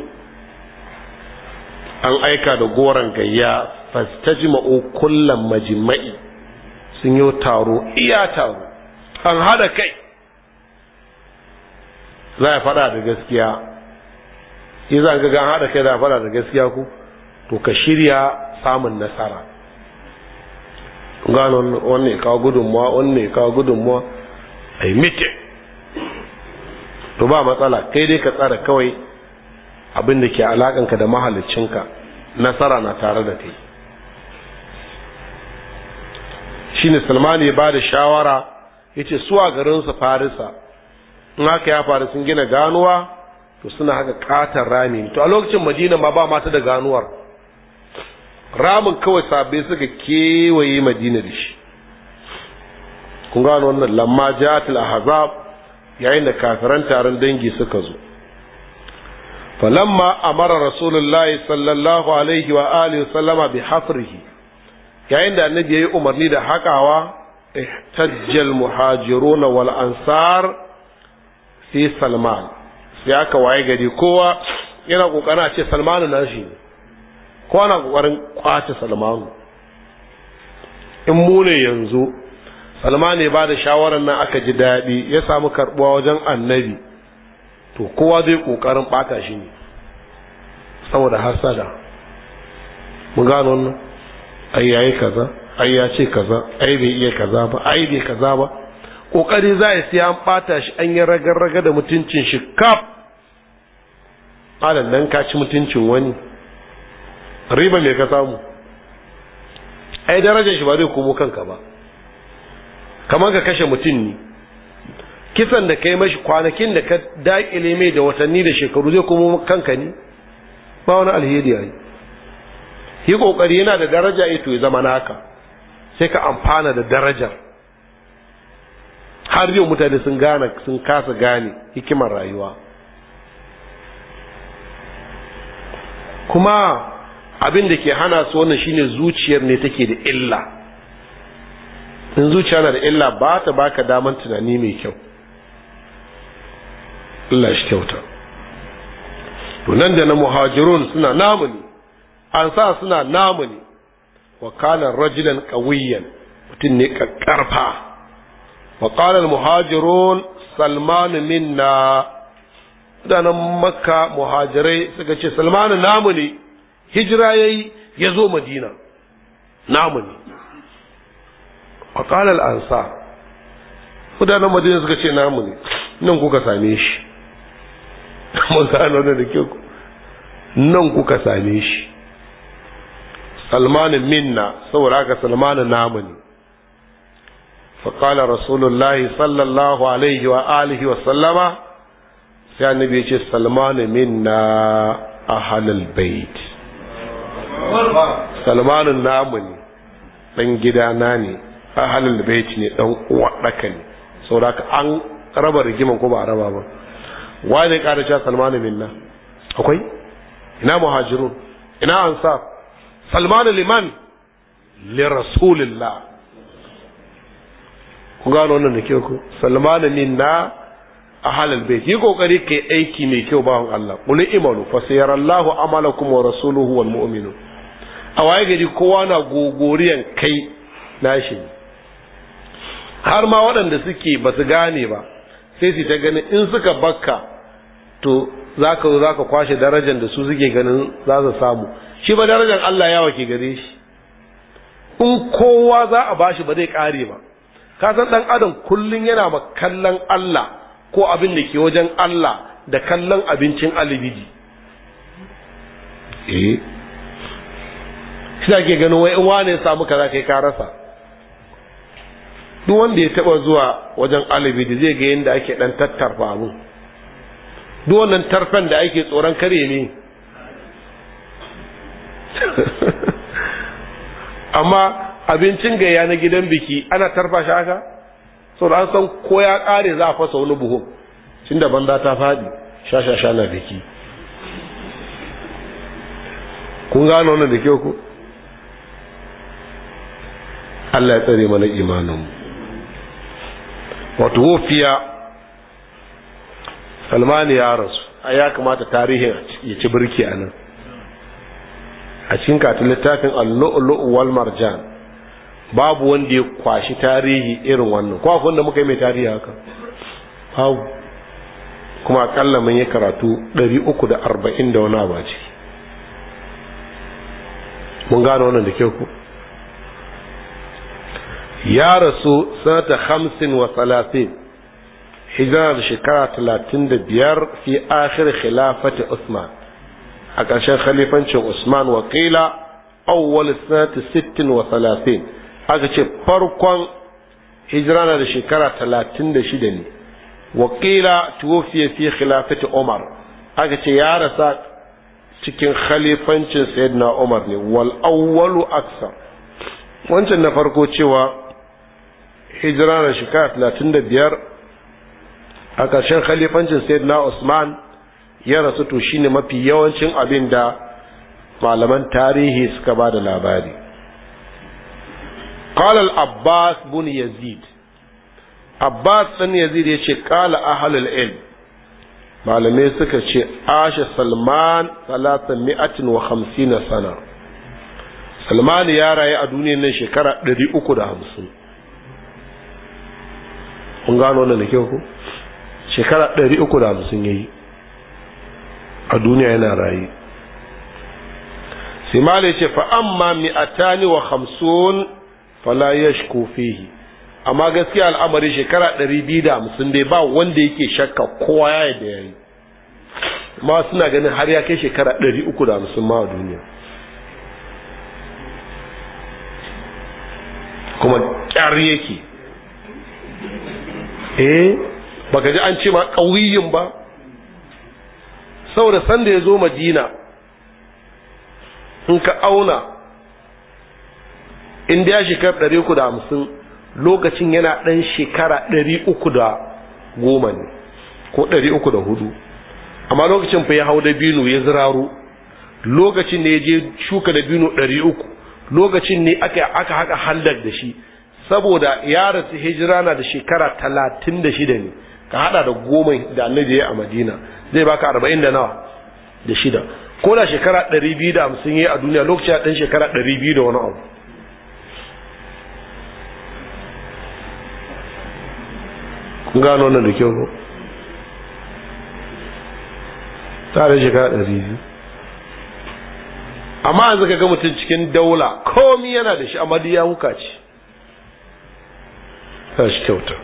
an aika da goron gayya fastajma'u kullam majma'i sun yi taro iya taro an hada kai za a fada da gaskiya in za ga an hada kai za a fada da gaskiya ku to ka shirya samun nasara gano wanne kawo gudunmuwa wannan kawo gudunmuwa a yi mitin to ba matsala kai dai ka tsara kawai abin da ke alakanka da mahalicinka nasara na tare da kai shine salmani ya ba da shawara ya ce su a garinsa farisa in haka ya faru sun gina ganuwa to suna haka katar rami to a lokacin madina ma ba mata da ganuwar ramin kawai sabai suka kewaye madina da shi kun gano wannan lamma jatul ahzab yayin da kafiran taron dangi suka zo falamma amara rasulullahi sallallahu alaihi wa alihi sallama bi hafrihi yayin da annabi yayi umarni da hakawa ihtajjal muhajiruna wal ansar fi salman sai aka waye gari kowa yana kokarin a ce salmanu na shi kowa na kokarin kwace salmanu in mu ne yanzu salman ne ba da shawarar nan aka ji daɗi ya samu karɓuwa wajen annabi to kowa zai ƙoƙarin ɓata shi ne saboda hasada mun gano wannan ai yayi kaza ai ya ce kaza ai bai iya kaza ba ai bai kaza ba ƙoƙari za a sai an ɓata shi an yi raga-raga da mutuncin shi kaf malam nan ka ci mutuncin wani riba mai ka samu ai darajar shi ba zai komo kanka ba kamar ka kashe mutum ne kisan da ka yi mashi kwanakin da ka daƙile mai da watanni da shekaru zai kuma kanka ne ba wani alheri ya yi yi ƙoƙari yana da daraja ito eh ya zama naka sai ka amfana da darajar har yau mutane sun gane sun kasa gane hikimar rayuwa kuma abin da ke hana su wannan shine zuciyar ne take da illa in zuciya na da illa ba ta baka daman tunani mai kyau Allah shi kyauta to nan da na muhajirun suna namu ne an sa suna namu ne wa kana rajilan qawiyan mutum ne kakkarfa wa qala muhajirun Salmanu minna mutanen makka muhajirai suka ce salmanu namu ne hijira yi ya zo madina namu ne وقال الأنصار ودانا madina suka ce namu ne nan kuka same shi mun gano da ke ku nan kuka same shi minna saboda namu ne فقال رسول الله صلى الله عليه وآله وسلم يا Minna سلمان منا أهل البيت سلمان نامني gidana ne. ahalul baiti ne dan uwa daka ne saboda an raba rigiman ko ba a raba ba wani ƙara cewa salmanu minna akwai ina muhajirun ina ansar salmanu liman li rasulillah ku gano wannan da kyau ku salmanu minna a halal bai yi kokari kai aiki mai kyau bawan Allah qul imanu fa sayarallahu amalakum wa rasuluhu wal mu'minun a waye gari kowa na gogoriyan kai nashi har ma waɗanda suke ba su gane ba sai su ta ganin in suka bakka to za ka zo za ka kwashe darajar da su suke ganin za su samu shi ba darajar Allah yawa ke gare shi in kowa za a bashi ba zai kare ba kasan ɗan adam kullum yana ma kallon Allah ko abin da ke wajen Allah da kallon abincin alibiji eh shi da ke ganin wai in wane samu kaza kai ka rasa duk wanda ya taba zuwa wajen da zai ga yadda ake dan tattarfa mu duk wannan tarfen da ake tsoron kare ne amma abincin gaya na gidan biki ana tarfa shi haka so da an san ko ya kare za a fasa wani buhu tun da banza ta faɗi sha sha sha na biki kun gano wannan da kyau ku Allah ya tsare mana mu. wato wofiya salmani ya rasu a ya kamata tarihin ya ci birki a nan a cikin katin littafin allu'ulu'u wal marjan babu wanda ya kwashi tarihi irin wannan ko akwai muka yi mai tarihi haka babu kuma akalla mun yi karatu 340 da wani abu mun gane wannan da kyau ku ya rasu sanata hamsin wa salafin da shekara talatin da biyar fi akhir khilafati usman a ƙarshen khalifancin usman wakila awwal sanata sittin wa salafin aka ce farkon hijira na da shekara talatin da shida ne wakila tuwofiya fi khilafati umar aka ce ya rasa cikin khalifancin sayyidina umar ne wal awwalu aksar wancan na farko cewa hijira na shekara talatin da biyar a ƙarshen khalifancin na usman ya rasu to shine mafi yawancin abin da malaman tarihi suka ba da labari Abbas bin Yazid, Abbas bin Yazid ya ce qala قال al ilm malamai suka ce ashe salman salatan mi'atin wa sana salman ya rayu a duniyar nan shekara ɗari uku da hamsin kun gano wannan da kyau ko shekara ɗari uku da hamsin ya yi a duniya yana rayu sai mala ce fa amma mi'atani wa hamsin fala yashku fihi amma gaskiya al'amari shekara ɗari biyu da hamsin dai ba wanda yake shakka kowa ya yi da ya yi ma suna ganin har ya kai shekara ɗari uku da hamsin ma a duniya kuma ƙyar yake eh baka ji an ce ma ƙauyin ba saboda sanda ya zo madina in ka auna in da shekara ɗari uku lokacin yana ɗan shekara ɗari uku ne ko ɗari hudu amma lokacin fa ya hau dabino ya ziraru lokacin ne ya je shuka da binu ɗari lokacin ne aka aka haka haldar da shi saboda ya rasu hijira na da shekara talatin da shida ne ka hada da goma da annabi ya a madina zai baka arba'in da nawa da shida ko da shekara ɗari biyu da hamsin ya a duniya lokacin ɗan shekara ɗari biyu da wani abu kun gano na da kyau ko tare shekara ɗari biyu amma yanzu ka ga mutum cikin daula komi yana da shi amma ya wuka ce ta shi kyauta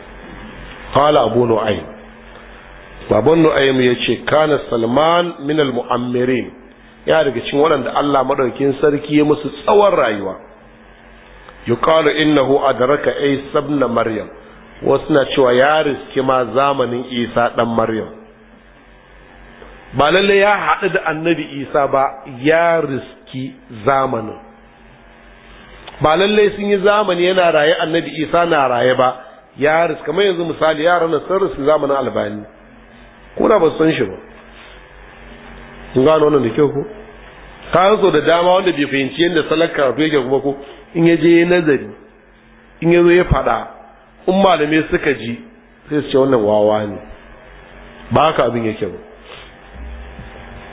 Fala abu nu'aym baban ya yace kana salman min al mu'ammirin ya daga cikin waɗanda Allah madaukin sarki ya musu tsawon rayuwa yuqalu innahu adraka isa ibn maryam wasu na cewa ya riski ma zamanin isa dan maryam ba lalle ya haɗu da annabi isa ba ya riski zamanin ba lallai sun yi zamani yana raye annabi isa na raye ba ya haris kamar yanzu misali ya na sun risu zamanin albani kuna ba san shi ba kun gano wannan da kyau ko kayan so da dama wanda bai fahimci yadda salakar ko yake kuma ko in ya je nazari in ya zo ya faɗa in malamai suka ji sai su ce wannan wawa ne ba haka abin yake ba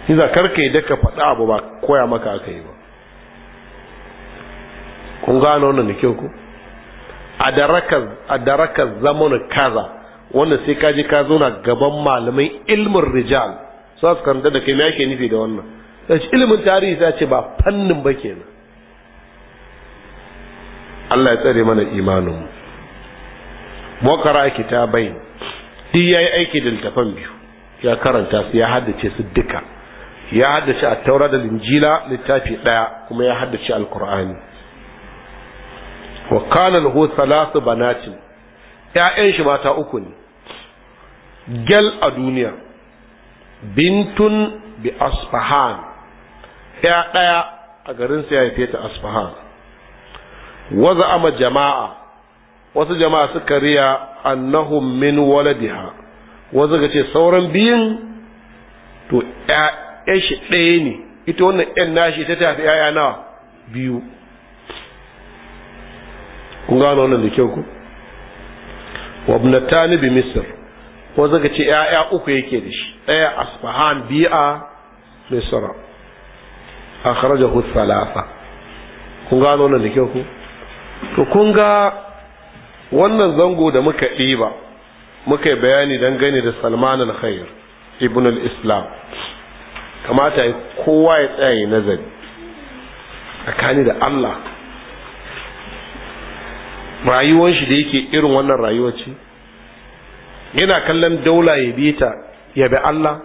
Iza karka yi daka faɗa abu ba koya maka aka yi ba kun gano wannan da kyau ku a daraka zaman kaza wanda sai ka je ka gaban malamai ilmin rijal sai su karanta da kai me ake nufi da wannan sai ilmin tarihi sai ce ba fannin ba kenan Allah ya tsare mana imanin mu wakara kitabai shi yayi aiki da littafan biyu ya karanta su ya haddace su duka ya haddace a taura da linjila littafi daya kuma ya haddace alkur'ani wa kana lahu salasu banatin ƴaƴan shi mata uku ne gel a duniya bintun bi asfahan ya ɗaya a garin sa ya haife ta asfahan waza ama jama'a wasu jama'a suka riya annahum min waladiha wasu ga ce sauran biyun to ƴaƴan shi ɗaya ne ita wannan ƴan nashi ta tafi ƴaƴa nawa biyu kun gano wannan da kyau ku wa ibnatani bi misr ko zaka ce ya'ya uku yake da shi daya asfahan bi'a misr akhrajahu thalatha kun gano wannan da kyau ku to kun ga wannan zango da muka ɗiba muka yi bayani gani da salman al-khair ibn al-islam kamata kowa ya tsaya nazari tsakani da allah rayuwar shi da yake irin wannan rayuwar ce yana kallon daula ya bi ta ya bi Allah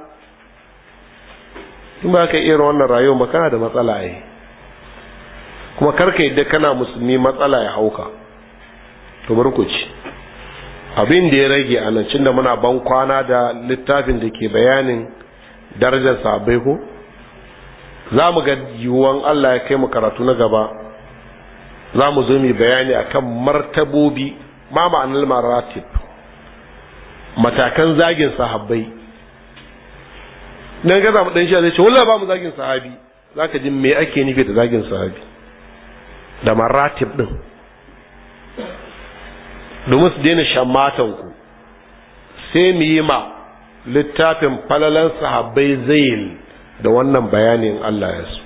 in ba ka irin wannan rayuwar ba kana da matsala yi kuma karka yadda kana musulmi matsala ya hauka to bari ku ci abin da ya rage a nan cin da muna ban kwana da littafin da ke bayanin darajar sabai ko za mu ga yiwuwan Allah ya kai mu karatu na gaba za mu zo mu bayani akan martabobi ma ma'anar maratib matakan zagin sahabbai don gaza mu shi zai ce wallahi ba mu zagin sahabi za ka ji me ake nufi da zagin sahabi da maratib din domin su daina shamatan ku sai mu yi ma littafin falalan sahabbai zail da wannan bayanin Allah ya su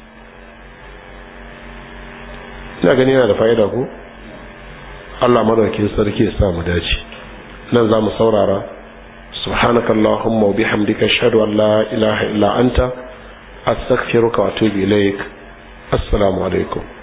ina gani yana da fa'ida ko Allah madaukin sarki ya sa mu dace nan za mu saurara سبحانك اللهم وبحمدك اشهد ان لا اله الا انت استغفرك واتوب اليك السلام عليكم